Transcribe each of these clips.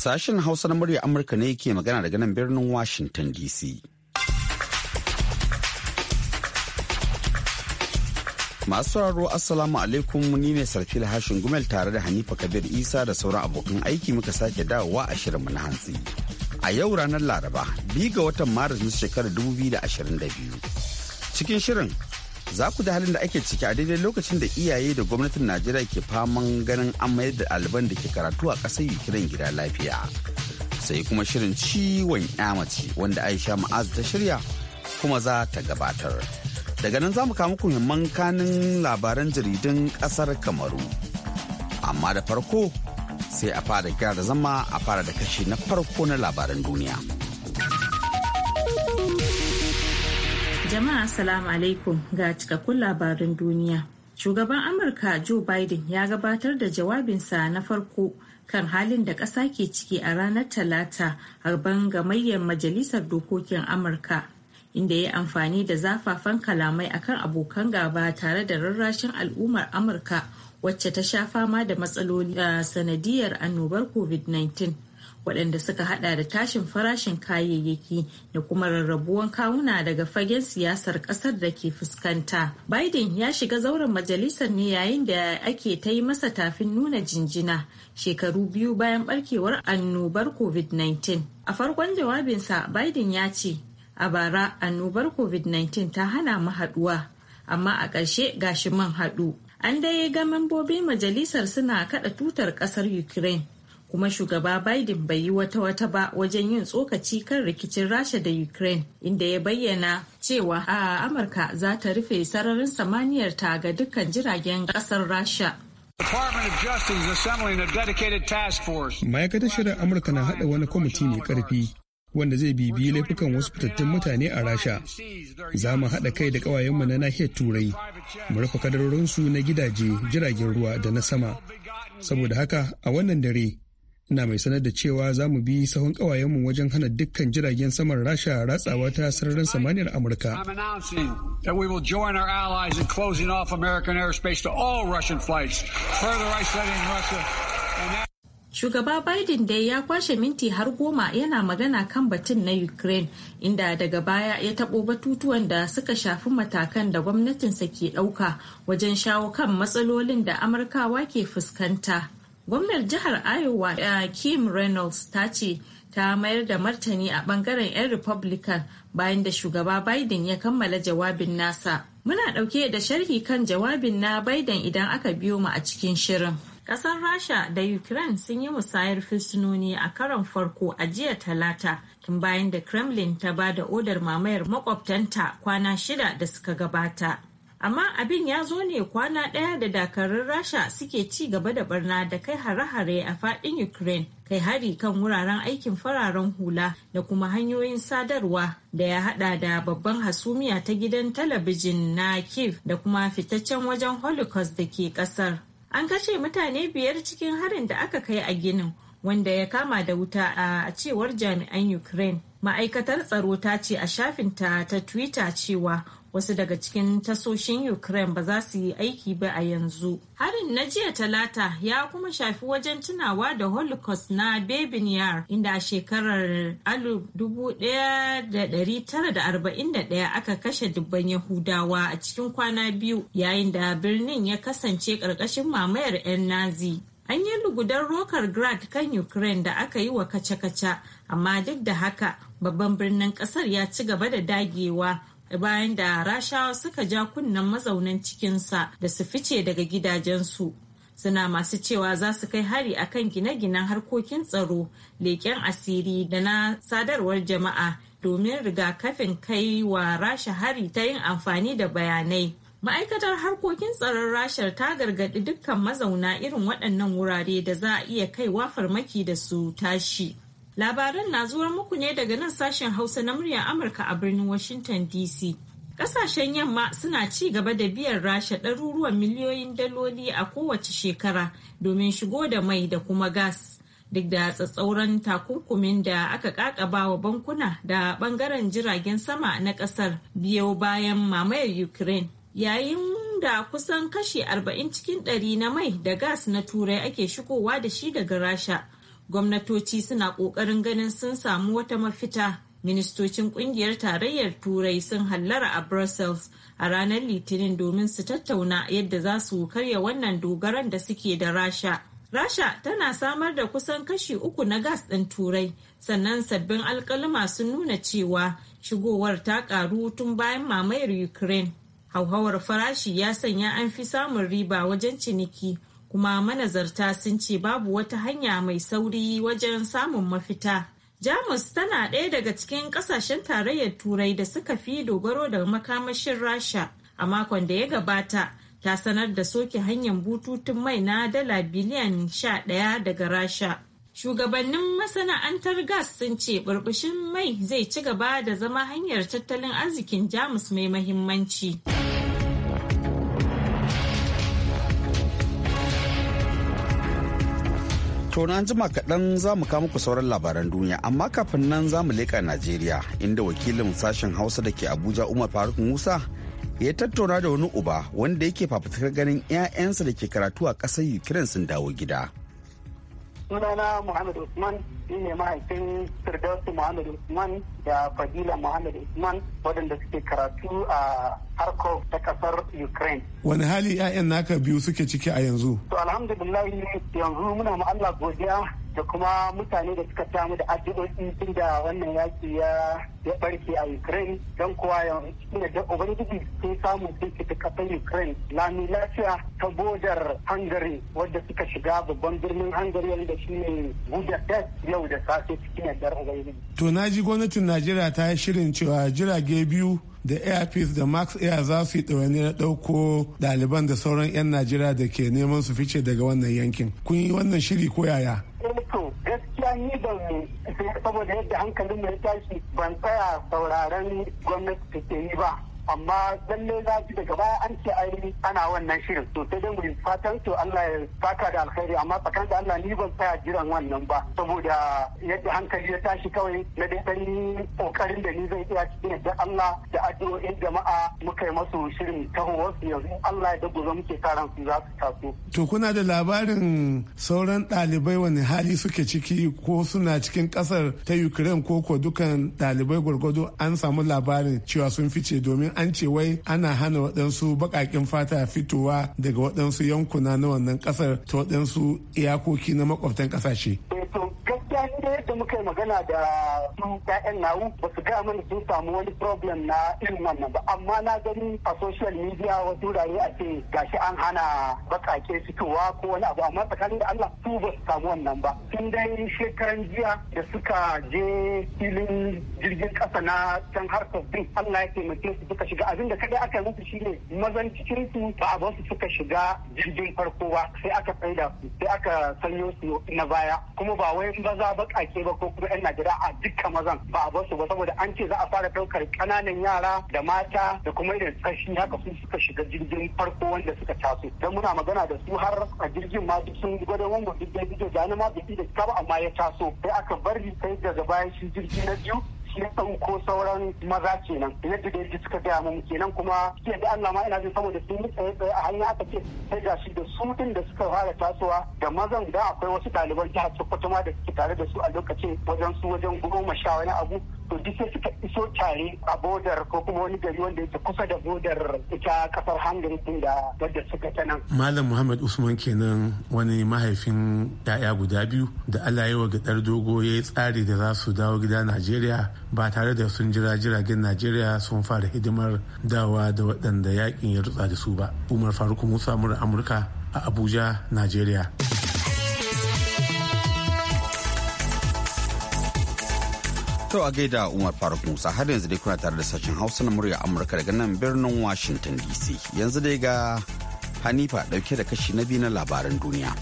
Sashen Hausa na murya Amurka ne ke magana daga nan birnin Washington DC. Masu sauraro Assalamu alaikum ni ne sarfi Hashin Gumel tare da Hanifa Kabir Isa da sauran abokan aiki muka sake dawowa a shirinmu na hantsi. A yau ranar Laraba, biyu ga watan Maris na shekarar 2022. Cikin shirin za ku da halin da ake ciki a daidai lokacin da iyaye da gwamnatin najeriya ke faman ganin an mayar da ɗaliban da ke karatu a ƙasar ukraine gida lafiya sai kuma shirin ciwon mace wanda aisha ma'aza ta shirya kuma za ta gabatar daga nan za mu kawo muku muhimman kanin labaran jaridun ƙasar kamaru amma da farko sai a fara gyara zama a fara da kashi na farko na labaran duniya. Jama'a salamu alaikum ga cikakkun labarin duniya. Shugaban Amurka Joe Biden ya gabatar da jawabinsa na farko kan halin da ƙasa ke ciki a ranar Talata harban gamayyar Majalisar Dokokin Amurka. Inda ya amfani da zafafan kalamai akan abokan gaba tare da rarrashin al'ummar Amurka wacce ta sha fama da matsaloli sanadiyar annobar COVID-19. waɗanda suka hada da tashin farashin kayayyaki da kuma rarrabuwan kawuna daga fagen siyasar ƙasar da ke fuskanta. Biden ya shiga zauren majalisar ne yayin da ake ta yi masa tafin nuna jinjina shekaru biyu bayan barkewar annobar COVID-19. A farkon jawabinsa Biden ya ce, a bara annobar COVID-19 ta hana mu haɗuwa, amma a ƙarshe gashi man haɗu. An dai ga mambobin majalisar suna kaɗa tutar ƙasar Ukraine. kuma shugaba biden bai yi wata wata ba wajen yin tsokaci kan rikicin rasha da ukraine inda ya bayyana cewa a amurka za ta rufe sararin samaniyar ta ga dukkan jiragen kasar rasha ma'aikatar shirin amurka na haɗa wani kwamiti mai karfi wanda zai bibiyi laifukan wasu fitattun mutane a rasha za mu haɗa kai da ƙawayenmu na nahiyar turai mu rufe kadarorinsu na gidaje jiragen ruwa da na sama saboda haka a wannan dare na mai sanar da cewa za mu bi sahun ƙawayenmu wajen hana dukkan jiragen saman rasha ratsawa ta sararin samaniyar amurka Shugaba Biden dai ya kwashe minti har goma yana magana kan batun na Ukraine inda daga baya ya tabo batutuwan da suka shafi matakan da gwamnatinsa ke ɗauka wajen shawo kan matsalolin da Amurkawa ke fuskanta. gwamnar jihar iowa eh, kim reynolds ta ce ta mayar da martani a bangaren 'yan republican bayan da shugaba biden ya kammala jawabin nasa muna ɗauke da sharhi kan jawabin na biden idan aka biyo mu a cikin shirin Ƙasar Rasha da Ukraine sun yi musayar fursunoni a karon farko a jiya talata tun bayan da Kremlin ta ba da odar mamayar makwabtanta kwana shida da suka gabata. amma abin ya zo ne kwana ɗaya da dakarun rasha suke ci gaba da barna da kai hare-hare a faɗin ukraine kai hari kan wuraren aikin fararen hula da kuma hanyoyin sadarwa da ya hada da babban hasumiya ta gidan talabijin na kiev da kuma fitaccen wajen holocaust da ke kasar an kashe mutane biyar cikin harin da aka kai a ginin wanda ya kama da wuta a cewar jami'an ukraine ma'aikatar tsaro ta ce a shafinta ta twitter cewa wasu daga cikin tasoshin ukraine ba za su yi aiki ba a yanzu harin na jiya talata ya kuma shafi wajen tunawa da holocaust na bebin inda a shekarar 1941 aka kashe dubban yahudawa a cikin kwana biyu yayin da birnin ya kasance ƙarƙashin mamayar 'yan nazi an yi lugudan rokar grad kan ukraine da aka yi wa kace-kace amma duk da haka babban birnin kasar ya ci gaba da dagewa bayan da rashawa suka ja kunnen mazaunan cikinsa da su fice daga gidajensu suna masu cewa za su kai hari akan gine-ginen harkokin tsaro leƙen asiri da na sadarwar jama'a domin rigakafin kai wa rasha hari ta yin amfani da bayanai ma'aikatar harkokin tsaron rashar ta gargadi dukkan mazauna irin waɗannan wurare da za a iya kaiwa farmaki da su tashi labaran na zuwa muku ne daga nan sashen hausa na muryar amurka a birnin washington dc ƙasashen yamma suna ci gaba da biyan rasha ɗaruruwan miliyoyin daloli a kowace shekara domin shigo da mai da kuma gas duk da tsatsauran takunkumin da aka kakaba wa bankuna da ɓangaren jiragen sama na ƙasar biyo bayan mamayar ukraine yayin da kusan kashi 40 cikin ɗari na mai da gas na turai ake shigowa da shi daga rasha gwamnatoci suna ƙoƙarin ganin sun samu wata mafita ministocin ƙungiyar tarayyar turai sun hallara a brussels a ranar litinin domin su tattauna yadda za su karya wannan dogaran da suke da rasha rasha tana samar da kusan kashi uku na gas ɗin turai sannan sabbin alkalima sun nuna cewa shigowar ta ƙaru tun bayan mamayar ukraine hauhawar farashi ya sanya an fi samun riba wajen ciniki kuma manazarta sun ce babu wata hanya mai sauri wajen samun mafita jamus tana ɗaya daga cikin ƙasashen tarayyar turai da suka fi dogaro da makamashin rasha a makon da ya gabata ta sanar da soke hanyar bututun mai na dala biliyan sha 11 daga rasha Shugabannin masana'antar gas sun ce burbushin mai zai ci gaba da zama hanyar tattalin arzikin Jamus mai mahimmanci. Tona jima kaɗan za mu muku sauran labaran duniya amma kafin nan za mu leƙa Najeriya inda wakilin sashen Hausa da ke Abuja Umar Faruk Musa ya tattauna da wani uba wanda yake fafutukar ganin 'ya'yansa da ke karatu a ƙasar Ukraine sun dawo gida. sunana Muhammad Usman shi ne mahaifin Firdausi Muhammad Usman da Fadila Muhammad Usman waɗanda suke karatu a harkar ta ƙasar Ukraine. Wani hali 'ya'yan naka biyu suke ciki a yanzu? To alhamdulillah yanzu muna ma Allah godiya da kuma mutane da suka samu da addu'o'i tun da wannan yaki ya ya barke a Ukraine don kowa ya da da Ubangiji sun samu sun fita kasar Ukraine lami lafiya ta bodar Hungary wadda suka shiga babban birnin Hungary wanda shi ne Budapest yau da safe cikin yardar Ubangiji. To na ji gwamnatin Najeriya ta yi shirin cewa jirage biyu da airpeace da max air za su yi ɗawaini na ɗauko ɗaliban da sauran 'yan najeriya da ke neman su fice daga wannan yankin kun yi wannan shiri ko yaya Eh, to gaskiya ni ban saboda yadda hankalin mu ya tashi ban tsaya sauraren gwamnati take yi ba amma lalle za su daga baya an ce ai ana wannan shirin to sai dai mu fatan to Allah ya saka da alkhairi amma tsakan da Allah ni ban tsaya jiran wannan ba saboda yadda hankali ya tashi kawai na dai dan kokarin da ni zai iya cikin da Allah da addu'o'in jama'a muka yi masu shirin tahowar wasu yanzu Allah ya dago muke karan su za su taso to kuna da labarin sauran ɗalibai wani hali suke ciki ko suna cikin kasar ta Ukraine ko ko dukan ɗalibai gwargwado an samu labarin cewa sun fice domin an ce wai ana hana waɗansu baƙaƙen fata fitowa daga waɗansu yankuna na wannan ƙasar ta waɗansu iyakoki na makwabtan ƙasashe. Eh, muka yi magana da su ƴaƴan nawu ba su gaya mana sun samu wani problem na irin wannan ba amma na gani a social media wasu wurare a ce gashi an hana baƙaƙe fitowa ko wani abu amma tsakanin da Allah su ba su samu wannan ba tun dai shekaran jiya da suka je filin jirgin ƙasa na can harkar bin Allah ya taimake su suka shiga abin da kadai aka yi musu shine mazan cikin su ba a su suka shiga jirgin farko ba sai aka tsaida su sai aka sanyo su na baya kuma ba wai maza bakake ba ba ko kuma 'yan Najeriya a dukkan mazan ba a bar su ba saboda an ce za a fara ɗaukar ƙananan yara da mata da kuma irin tsashi haka sun suka shiga jirgin farko wanda suka taso don muna magana da su har a jirgin ma duk sun gwada wanda duk da bidiyo da ma bai da ba amma ya taso sai aka bari sai daga bayan shi jirgi na biyu shi ko sauran maza kenan yadda da suka gaya mun kenan kuma ke da Allah ma ina jin saboda sun tsaye tsaye a hanya aka ce sai ga shi da su din da suka fara tasowa da mazan da akwai wasu ɗaliban jihar Sokoto ma da suke tare da su a lokacin wajen su wajen goma sha wani abu to duk sai suka iso tare a bodar ko kuma wani gari wanda yake kusa da bodar ita kasar hangari din da wadda suka ta nan malam muhammad usman kenan wani mahaifin ya'ya guda biyu da allah ya wa gadar dogo ya yi tsari da za su dawo gida najeriya ba tare da sun jira jiragen najeriya sun fara hidimar dawa da waɗanda yakin ya rutsa da su ba umar faruk musa mura amurka a abuja najeriya To a gaida Umar Faruk Musa har yanzu dai kuna tare da sashen Hausa na murya Amurka daga nan birnin Washington DC. Yanzu dai ga Hanifa dauke da kashi na biyu na labaran duniya.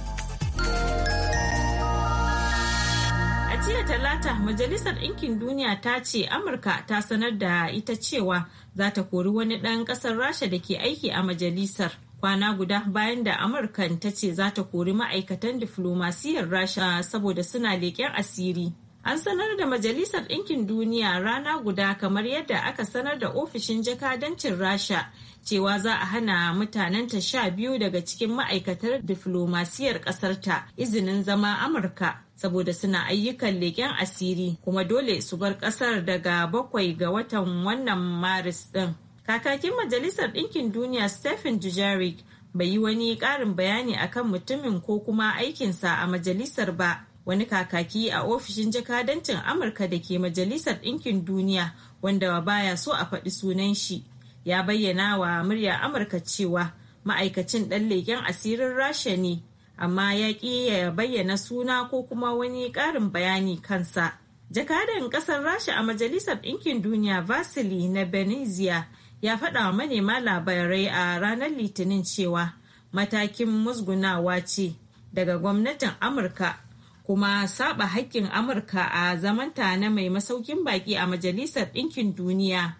A jiya talata Majalisar Ɗinkin Duniya ta ce Amurka ta sanar da ita cewa za ta kori wani ɗan ƙasar Rasha da ke aiki a majalisar. kwana guda bayan da amurkan ta ce za ta kori ma'aikatan diflomasiyyar rasha saboda suna leƙen asiri An sanar da Majalisar Ɗinkin Duniya rana guda kamar yadda aka sanar da ofishin jakadancin Rasha cewa za a hana mutanenta sha biyu daga cikin ma'aikatar diflomasiyar ƙasarta izinin zama Amurka saboda suna ayyukan leƙen asiri kuma dole su bar ƙasar daga bakwai ga watan wannan Maris ɗin. Kakakin Majalisar Ɗinkin Duniya Stephen Dujarric bai yi wani ƙarin bayani akan mutumin ko kuma aikinsa a majalisar ba wani kakaki a ofishin jakadancin amurka da ke majalisar ɗinkin duniya wanda baya so a faɗi sunan shi ya bayyana wa murya amurka cewa ma'aikacin ɗan leƙen asirin rasha ne amma ya ƙi ya bayyana suna ko kuma wani ƙarin bayani kansa jakadan ƙasar rasha a majalisar ɗinkin duniya vasili na benizia ya faɗa wa manema labarai a ranar litinin cewa matakin musgunawa ce daga gwamnatin amurka kuma saba haƙƙin amurka a zamanta na mai masaukin baƙi a majalisar ɗinkin duniya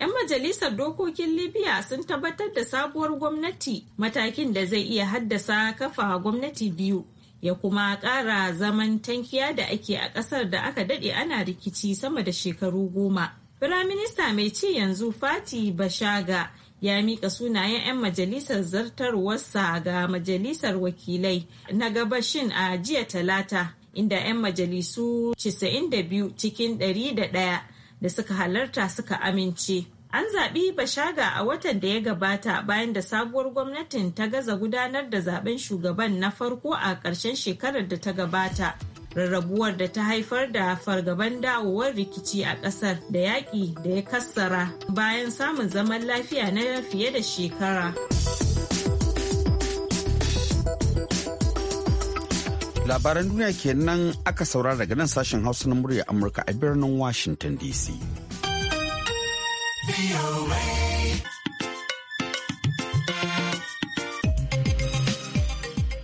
'yan majalisar dokokin libya sun tabbatar da sabuwar gwamnati matakin da zai iya haddasa kafa gwamnati biyu ya kuma ƙara zaman tankiya da ake a ƙasar da aka daɗe ana rikici sama da shekaru goma. Firaminista mai ci yanzu Fati Bashaga ya mika sunayen 'yan majalisar zartarwarsa ga majalisar wakilai na gabashin a jiya talata inda 'yan majalisu 92 cikin 101 da suka halarta suka amince an zaɓi bashaga a watan da ya gabata bayan da sabuwar gwamnatin ta gaza gudanar da zaben shugaban na farko a ƙarshen shekarar da ta gabata rarrabuwar da ta haifar da fargaban dawowar rikici a ƙasar da yaƙi da ya kassara bayan samun zaman lafiya na fiye da shekara. Labaran duniya kenan aka saurara daga nan sashen Hausa na murya Amurka a birnin Washington DC.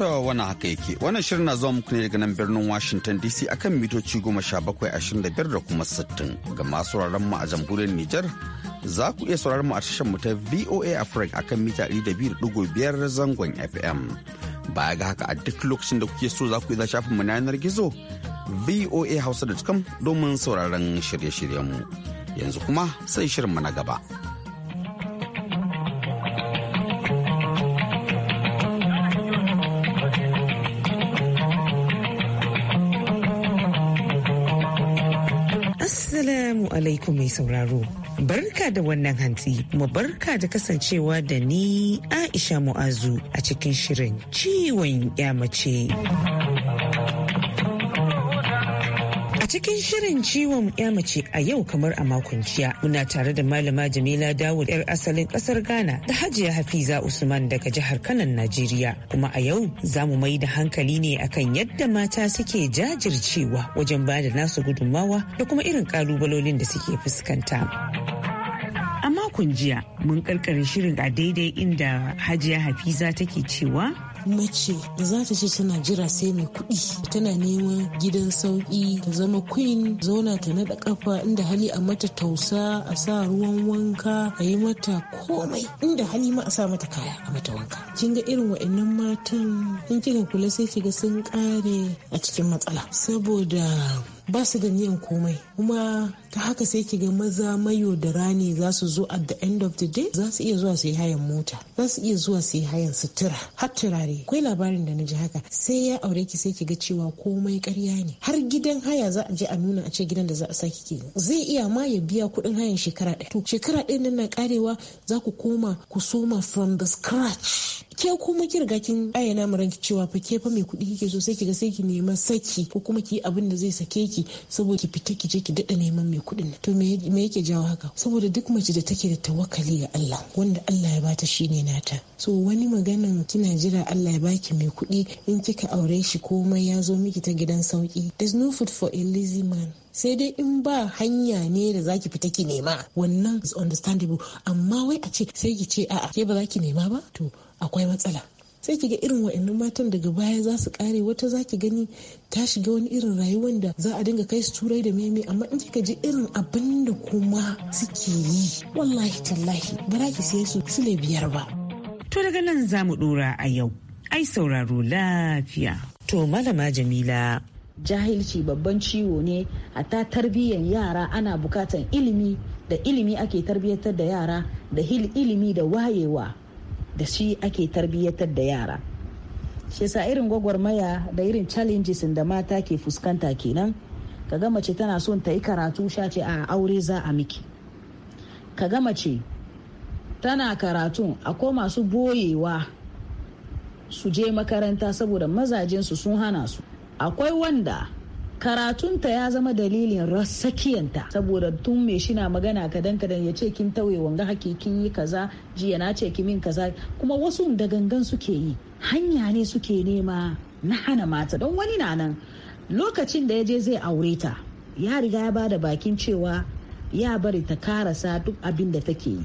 To wani haka yake. Wannan shirin na zuwa muku ne daga nan birnin Washington DC akan mitoci goma sha bakwai ashirin da biyar da kuma sittin ga masu mu a jamhuriyar Nijar. Za ku iya sauraron mu a tashar mu ta VOA Africa akan mita ɗari da biyu ɗigo biyar zangon FM. Baya ga haka a duk lokacin da kuke so za ku iya shafin mu na yanar gizo voa voahausa.com domin sauraron shirye-shiryen mu. Yanzu kuma sai shirin mu na gaba. Assalamu alaikum mai sauraro. Barka da wannan hantsi, kuma barka da kasancewa da ni Aisha Mu'azu a cikin shirin ciwon ya mace. cikin shirin ciwon ya mace a yau kamar a makon jiya muna tare da malama Jamila Dawud yar asalin kasar Ghana da Hajiya Hafiza Usman daga jihar Kanan Najeriya kuma a yau za mu mai da hankali ne akan yadda mata suke jajircewa wajen ba da nasu gudunmawa da kuma irin kalubalolin da suke fuskanta. A makon jiya mun karkare shirin a daidai inda hajiya hafiza take cewa mace da za ta ce tana jira sai mai kuɗi tana neman gidan sauƙi ta zama queen zauna ta naɗa kafa inda hali a mata tausa a sa ruwan wanka a yi mata komai inda hali ma a sa mata kaya a mata wanka kin ga irin wa'annan matan in kika kula sai kiga sun kare a cikin matsala saboda ba su da niyan komai kuma ta haka sai ki ga maza mayo da rani za su zo at the end of the day za su iya zuwa su yi hayan mota za su iya zuwa su yi hayan sutura har turare akwai labarin da na ji haka sai ya aure ki sai ki ga cewa komai karya ne har gidan haya za a je a nuna a ce gidan da za a saki ke zai iya ma ya biya kuɗin hayan shekara ɗaya to shekara ɗaya nan na karewa za ku koma ku soma from the scratch ke kuma ki riga kin ayyana mu ranki cewa fa ke fa mai kuɗi kike so sai kiga sai ki nema saki ko kuma ki abin da zai sake ki saboda ki fita ki je ki daɗa neman mai kuɗin to me yake jawo haka saboda duk mace da take da tawakkali ga Allah wanda Allah ya bata shine nata so wani maganan kina jira Allah ya baki mai kuɗi in kika aure shi komai ya zo miki ta gidan sauki there's no food for a lazy man sai dai in ba hanya ne da zaki fita ki nema wannan is understandable amma wai a ce sai ki ce a'a ke ba za ki nema ba to akwai matsala sai ki ga irin wa'annan matan daga baya za su kare wata za ki gani ta shiga wani irin rayuwar da za a dinga kai su turai da meme amma in kika ji irin abin da kuma suke yi wallahi tallahi ba za ki sai su sule biyar ba. To daga nan za mu dora a yau ai sauraro lafiya. To malama Jamila. Jahilci babban ciwo ne a ta tarbiyyar yara ana bukatan ilimi da ilimi ake tarbiyyar da yara da ilimi da wayewa. da shi ake tarbiyyatar da yara shi yasa irin gwagwarmaya da irin challenges da mata ke fuskanta kenan kaga mace tana son ta yi karatu sha ce a aure za a miki kaga mace tana karatu akwai masu boyewa su je makaranta saboda mazajensu sun hana su akwai wanda karatunta ya zama dalilin rassakiyanta saboda tun me shina magana kadan kadan ya ce kin tauye wanga haki kin yi kaza jiya na ce kimin kaza kuma wasu da gangan suke yi hanya ne suke nema na hana mata don wani na nan lokacin da ya je zai aure ta ya riga ya bada bakin cewa ya bari ta karasa duk abin da take yi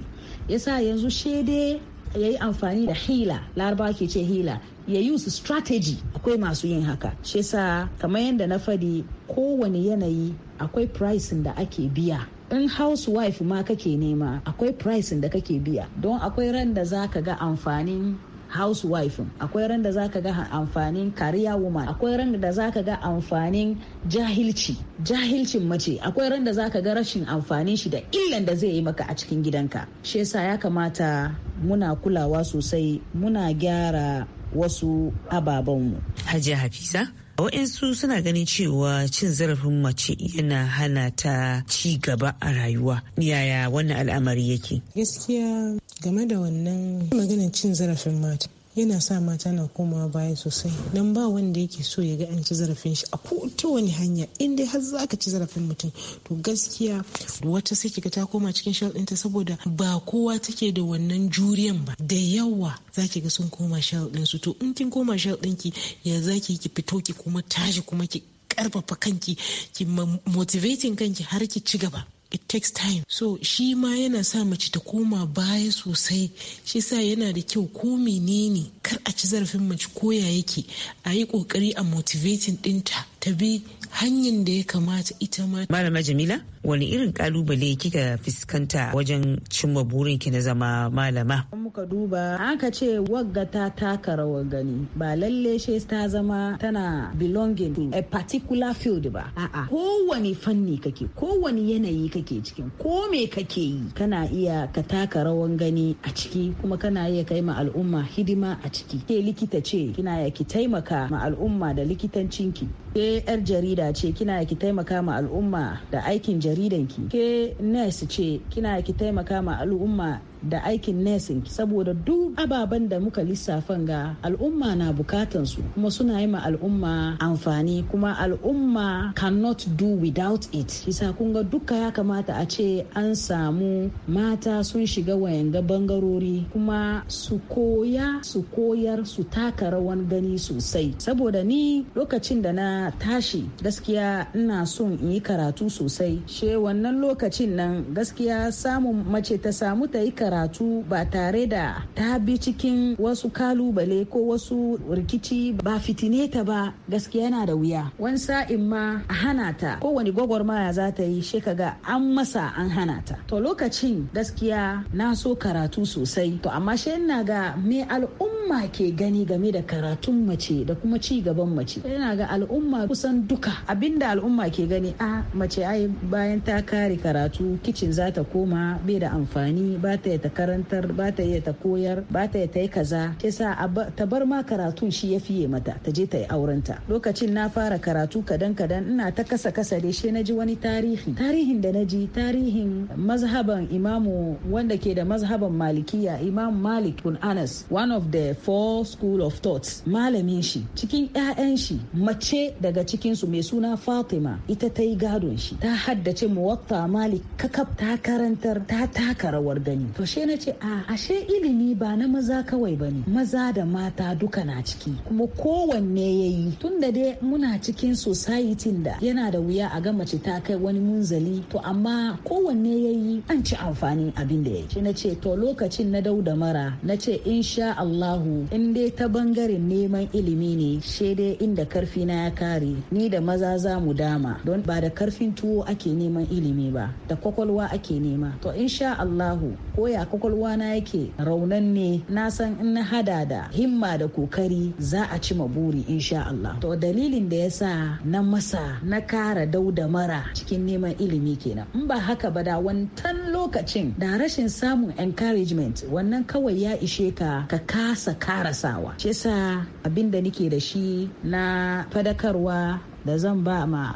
yasa yanzu shede ya yi amfani da hila laraba ke ce hila ya yi su strategy akwai masu yin haka shi yasa kamar yadda na faɗi kowane yanayi akwai pricing da ake biya in housewife ma kake nema akwai pricing da kake biya don akwai ran da za ka ga amfanin housewife akwai ran da za ka ga amfanin career woman akwai ran da za ka ga amfanin jahilci jahilcin mace akwai ran da za ka ga rashin amfanin shi da illan da zai yi maka a cikin gidanka shi yasa ya kamata muna kulawa sosai muna gyara wasu ababenmu. Hajiya Hafisa, waɗansu suna ganin cewa cin zarafin mace yana hana ta ci gaba a rayuwa. Yaya wannan al'amari yake? Gaskiya game da wannan maganin cin zarafin mata. yana sa mata na koma baya sosai don ba wanda yake so ya ga an ci zarafin shi a ta wani hanya inda dai har za ka ci zarafin mutum to gaskiya wata sai kika ta koma cikin shawar ɗinta saboda ba kowa take da wannan juriyan ba da yawa za ki ga sun koma shawar ɗinsu to in kin koma shawar ɗinki ya za ki ki fito ki kuma tashi kuma ki karfafa kanki ki motivating kanki har ki ci gaba it takes time so shi ma yana sa mace ta koma baya sosai shi sa yana da kyau ko menene kar a ci zarafin mace koya yake a yi kokari a motivating dinta ta bi hanyar da ya kamata ita ma. Malama Jamila, wani irin kalubale kika fuskanta wajen cimma burin ki na zama malama? Muka duba aka ce wagga ta taka rawar gani ba lalle she ta zama tana belonging to a particular field ba. A'a kowane fanni kake kowane yanayi kake cikin ko me kake yi kana iya ka taka rawar gani a ciki kuma kana iya kai ma al'umma hidima a ciki. Ke likita ce kina ya ki taimaka ma al'umma da likitancinki. Ke yar jarida jarida ce kina ki taimaka ma al'umma da aikin jaridanki ke nurse ce kina ki taimaka ma al'umma da aikin nursing saboda duk ababen da muka lissafan ga al'umma na bukatan su kuma suna yi ma al'umma amfani kuma al'umma cannot do without it isa kun ga duka ya kamata a ce an samu mata sun shiga wayanga bangarori kuma su koya su koyar su taka rawan gani sosai saboda ni lokacin da na tashi gaskiya ina son in yi karatu sosai she wannan lokacin nan gaskiya samun mace ta samu ta yi karatu karatu ba tare da ta bi cikin wasu kalubale ko wasu rikici ba fitine ta ba gaskiya yana da wuya wani sa'in ma a hana ta kowane gwagwarmaya za ta yi shi kaga an masa an hana ta to lokacin gaskiya na so karatu sosai to amma shi ina ga me al'umma ke gani game da karatun mace da kuma ci gaban mace yana ga al'umma kusan duka abinda al'umma ke gani a ah, mace ai bayan ta kare karatu kicin za ta koma bai da amfani ba ta iya ta karantar ba ta iya ta koyar ba ta iya ta yi kaza sa ta bar ma karatun shi ya fiye mata ta je ta yi aurenta lokacin na fara karatu kadan kadan ina ta kasa kasa dai shi na ji wani tarihi tarihin da na ji tarihin mazhaban imamu wanda ke da mazhaban malikiya imam malik bin anas one of the four school of thoughts malamin shi cikin 'ya'yan shi mace daga cikin su mai suna fatima ita ta yi gadon shi ta haddace muwatta malik kakaf ta karantar ta taka rawar gani to to she na ce a ah, ashe ilimi ba na maza kawai ba ne maza da mata duka na ciki kuma kowanne ya yi tun da dai muna cikin societin da yana da wuya a ga mace ta kai wani munzali to amma kowanne ya yi an ci amfani abin da ya yake na ce to lokacin na dauda mara na ce insha Allahu in dai ta bangaren neman ilimi ne she dai inda karfi na ya kare ni da maza za mu dama don ba da karfin tuwo ake neman ilimi ba da kwakwalwa ake nema to insha Allahu ko a kwakwalwa na yake raunan ne na san in na hada da himma da kokari za a ci buri insha Allah to dalilin da ya sa na masa na kara dauda mara cikin neman ilimi kenan in ba haka ba da wantan lokacin da rashin samun encouragement wannan kawai ya ishe ka ka kasa karasawa shi yasa abin da nike da shi na fadakarwa da zan ba ma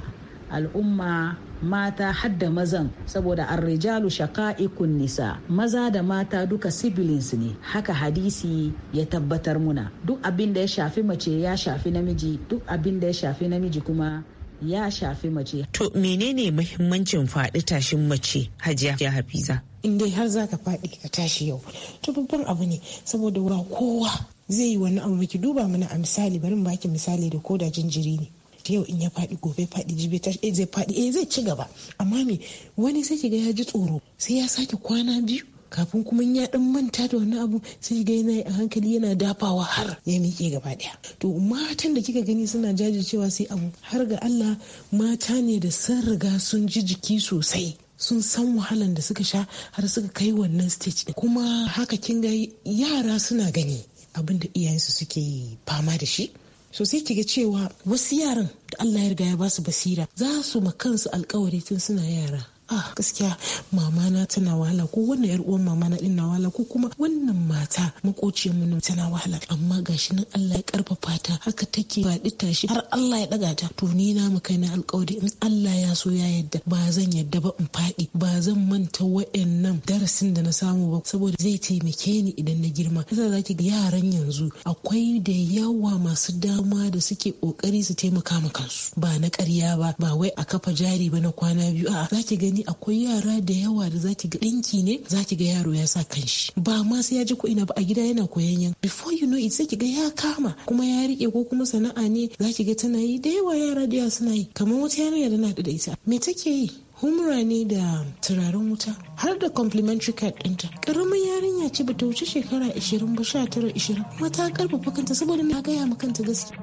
al'umma mata hadda mazan saboda arrijalu shaka'i nisa maza da mata duka siblings ne haka hadisi ya tabbatar muna duk abin da ya shafi mace ya shafi namiji duk abin da ya shafi namiji kuma ya shafi mace. To menene muhimmancin faɗi tashin mace Hajiya Hafiza? In dai har za ka faɗi ka tashi yau, to babban abu ne saboda wa kowa zai yi wani abu ki duba mana a misali bari mu baki misali da koda jinjiri ne. yau in ya faɗi gobe faɗi jibi ta eh, zai faɗi e zai ci gaba amma me wani sai kiga ya ji tsoro sai ya sake kwana biyu kafin kuma ya dan manta da wani abu sai ga yana a hankali yana dafawa har ya miƙe gaba daya to matan da kika gani suna jajircewa sai abu har ga Allah mata ne da sun riga sun ji jiki sosai sun san wahalan da suka sha har suka kai wannan stage kuma haka kin ga yara suna gani abin da iyayensu suke fama da shi so sai kiga cewa wasu yaran da Allah ya riga ya basu basira za su ma kansu alkawari tun suna yara a ah, gaskiya mama na tana wahala ko wannan yar uwan mama na din na wahala ko kuma wannan mata makociyar mu tana wahala amma gashi nan Allah ya karfafa ta haka take faɗi shi. har Allah ya daga ta to ni na mu kai na alƙawari in Allah ya so ya yadda ba zan yadda ba in faɗi ba zan manta wa'annan darasin da na samu ba saboda zai taimake ni idan na girma yasa zaki ga yaran yanzu akwai da yawa masu dama da suke kokari su taimaka ma kansu ba na ƙarya ba ba wai a kafa jari ba na kwana biyu a'a zaki gani gani akwai yara da yawa da zaki ga ɗinki ne zaki ga yaro ya sa kanshi ba ma sai ya ji ko ina ba a gida yana koyan yan before you know it sai ki ga ya kama kuma ya rike ko kuma sana'a ne zaki ga tana yi da yawa yara da yawa suna yi kamar wata yarinya da na da ita me take yi humra ne da turaren wuta har da complimentary card ɗinta ƙaramin yarinya ce bata wuce shekara 20 ba 19 20 kuma ta karfafa kanta saboda na gaya ma kanta gaskiya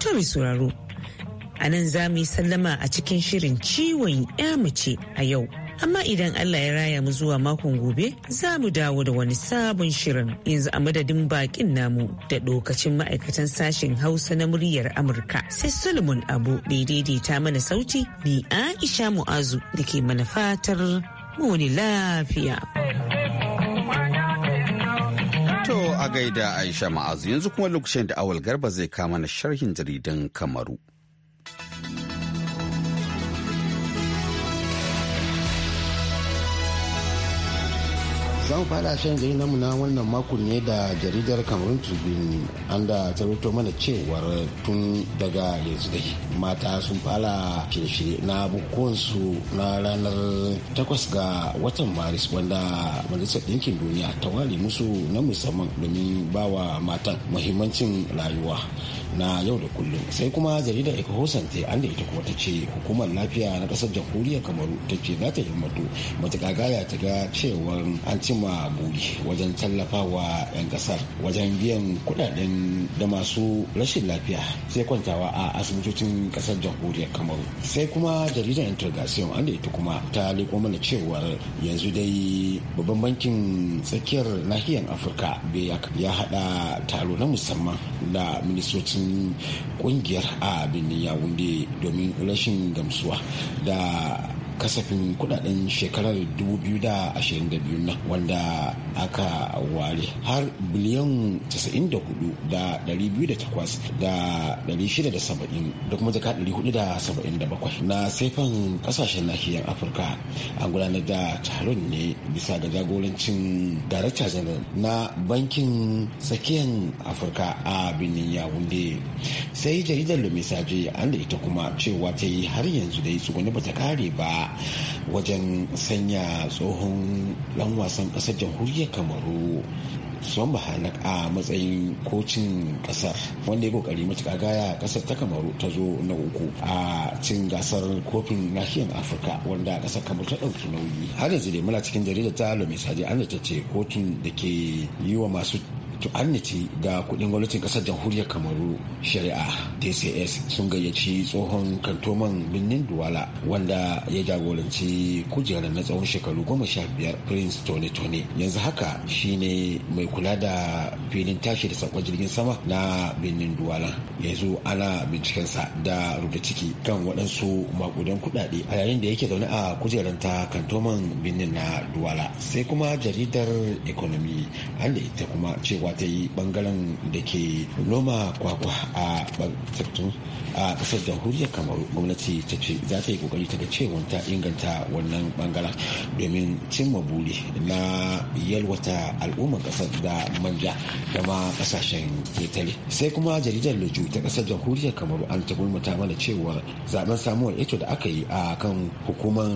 to sauraro A nan za mu yi sallama a cikin shirin ciwon ya mace a yau. Amma idan Allah ya raya mu zuwa makon gobe za mu dawo da wani sabon shirin yanzu a madadin bakin namu da dokacin ma'aikatan sashen Hausa na muryar Amurka. Sai Solomon Abu daidaita mana sauti ni Aisha Mu'azu da ke mana fatar mu wani lafiya. a gaida Aisha Ma'azu yanzu kuma lokacin da awal garba zai kama na sharhin jaridan Kamaru. za mu fara shan gari namu na wannan makon ne da jaridar cameroon tribune an da tarwato mana cewar tun daga yanzu dai mata sun fara shirye-shirye na bukonsu na ranar takwas ga watan maris wanda majalisar ɗinkin duniya ta ware musu na musamman domin bawa matan muhimmancin rayuwa na yau da kullum sai kuma jaridar ecohosante an da ita kuma ta ce hukumar lafiya na ƙasar jamhuriyar kamaru ta ce za ta himmatu matuƙa gaya ta ga cewar an cimma cimma buri wajen tallafawa 'yan kasar wajen biyan kudaden da masu rashin lafiya sai kwantawa a asibitocin kasar jamhuriyar kamaru sai kuma jaridar intergasiyon an da ita kuma ta liko mana cewar yanzu dai babban bankin tsakiyar nahiyar afirka ya hada taro na musamman da ministocin kungiyar a birnin yawunde domin rashin gamsuwa da kasafin kudaden shekarar 2022 na wanda aka ware har biliyan 94 da 208 da 670 da kuma jaka 477 na saifan kasashen nahiyar afirka an gudanar da taron ne bisa ga jagorancin darakta janar na bankin tsakiyar afirka a birnin yawunde sai jaridar lumisaje an da ita kuma cewa ta yi har yanzu dai ba ta kare ba wajen sanya tsohon dan wasan kasar jamhuriyar kamaru son bahana a matsayin kocin kasar wanda ya kokari matuka gaya kasar ta kamaru ta zo na uku a cin gasar kofin nahiyar afirka wanda kasar kamaru ta ɗauki nauyi har yanzu dai muna cikin jaridar ta lomisaji an ta ce kotun da ke yi wa masu To Niti da kudin gwamnatin kasar jamhuriyar kamaru shari'a dcs sun gayyaci tsohon kantoman birnin duwala wanda ya jagoranci kujerar na tsawon shekaru goma sha biyar prince tone tony yanzu haka shine mai kula da filin tashi da sakon jirgin sama na birnin duwala yanzu ana bincikensa da rubuta ciki kan waɗansu makudan kuɗaɗe a yayin da yake zaune a kujerar ta kantoman birnin na duwala sai kuma jaridar economy an da ita kuma cewa ta yi bangaren da ke noma kwakwa a tsirtun a kasar jamhuriyar kamaru gwamnati ta ce za ta yi kokari ta ga cewa ta inganta wannan bangaren domin cimma buri na yalwata al'ummar kasar da manja da ma kasashen ketare sai kuma jaridar lojo ta kasar jamhuriyar kamaru an ta gulmata mana cewa zaben samuwar ito da aka yi a kan hukumar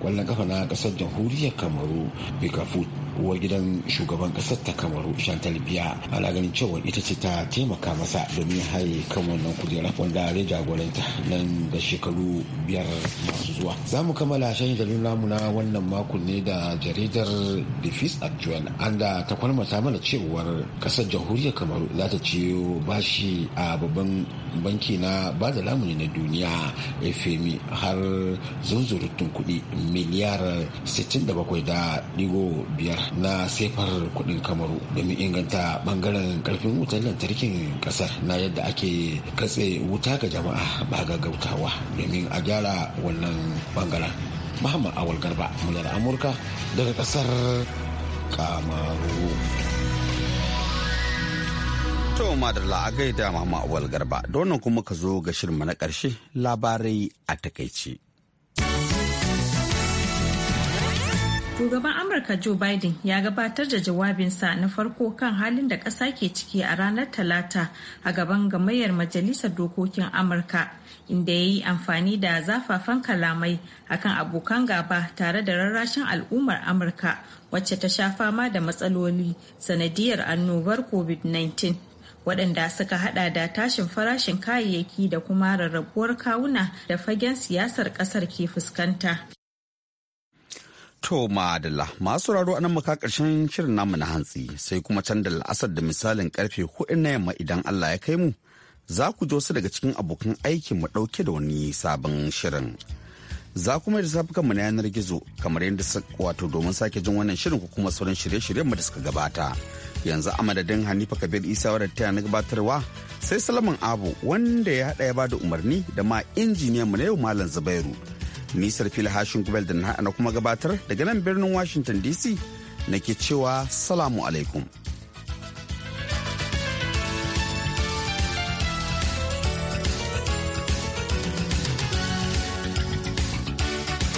kwallon kafa na kasar jamhuriyar kamaru bikafu uwar gidan shugaban kasar ta kamaru shantal biya ana ganin cewa ita ce ta taimaka masa domin haye kan wannan kujera wanda ya jagoranta nan da shekaru biyar masu zuwa za mu kammala shan da namu na wannan makon ne da jaridar defis actual anda ta kwarmata mana cewar kasar jamhuriyar kamaru za ta ciyo bashi a babban banki na ba da lamuni na duniya fmi e, har zunzurutun kuɗi miliyar 67.5 na sefar kuɗin kamaru domin inganta bangaren karfin wutar lantarkin kasar na yadda ake katse wuta ga jama'a ba ga gautawa domin a gyara wannan bangaren muhammad awal garba muryar amurka daga kasar kamaru to madalla a gaida mama awal garba donan kuma ka zo ga shirma na karshe labarai a takaice. Shugaban Amurka Joe Biden ya gabatar da jawabinsa na farko kan halin da ƙasa ke ciki a ranar Talata a gaban gamayyar Majalisar Dokokin Amurka, inda ya yi amfani da zafafan kalamai akan abokan gaba tare da rarrashin al'ummar Amurka wacce ta sha fama da matsaloli sanadiyar annobar COVID-19. waɗanda suka hada da tashin farashin kayayyaki da kuma rarrabuwar kawuna da fagen siyasar ƙasar ke fuskanta. To madalla masu raro anan muka karshen shirin namu na hantsi sai kuma can da la'asar da misalin karfe hudu na yamma idan Allah ya kai mu za ku ji wasu daga cikin abokan aikin mu dauke da wani sabon shirin. Za kuma da safukan mu na yanar gizo kamar yadda wato domin sake jin wannan shirin ku kuma sauran shirye-shiryen mu da suka gabata. Yanzu a madadin Hanifa Kabir Isa wadda ta na gabatarwa sai Salaman Abu wanda ya haɗa ya bada umarni da ma injiniyan mu na yau Malam Zubairu. Nisar fil hashin gubel da na kuma gabatar daga nan birnin Washington DC nake cewa salamu alaikum.